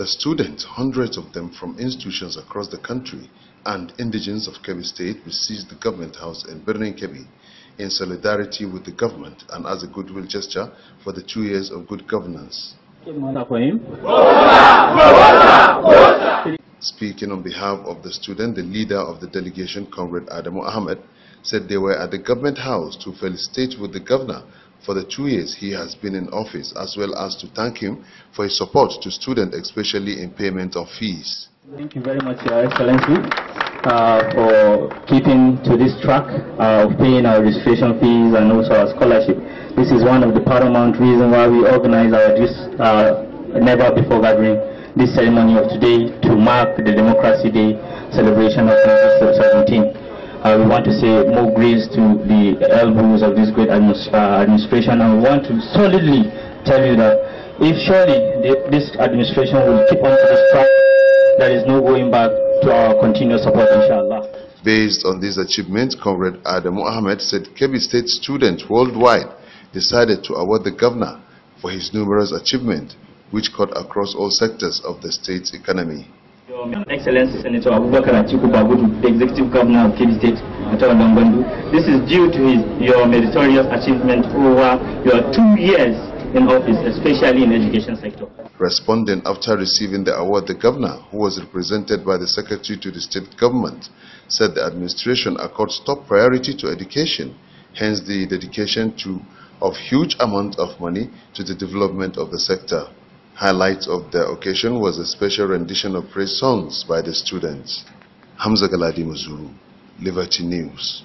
The students, hundreds of them from institutions across the country and indigents of Kebbi State, will seize the government house in Birnin Kebbi in solidarity with the government and as a goodwill gesture for the two years of good governance. Speaking on behalf of the student, the leader of the delegation, Comrade Adamu Ahmed, said they were at the government house to felicitate with the governor for the two years he has been in office, as well as to thank him for his support to students, especially in payment of fees. Thank you very much, Your Excellency, uh, for keeping to this track uh, of paying our registration fees and also our scholarship. This is one of the paramount reasons why we organize our this, uh, Never Before Gathering, this ceremony of today to mark the Democracy Day celebration of 2017. Uh, we want to say more grace to the elbows of this great administ uh, administration and we want to solidly tell you that if surely the, this administration will keep on this track, there is no going back to our continuous support, inshallah. Based on this achievement, Comrade Adam Mohammed said Kebbi State students worldwide decided to award the governor for his numerous achievements, which cut across all sectors of the state's economy. Your Excellency Senator Abubakar Atiku Bagudu, the Executive Governor of Kebbi State, Atol This is due to his, your meritorious achievement over your two years in office, especially in education sector. Responding after receiving the award, the governor, who was represented by the secretary to the state government, said the administration accords top priority to education, hence the dedication to, of huge amount of money to the development of the sector. Highlight of the occasion was a special rendition of praise songs by the students. Hamza Galadi Mazuru, Liberty News.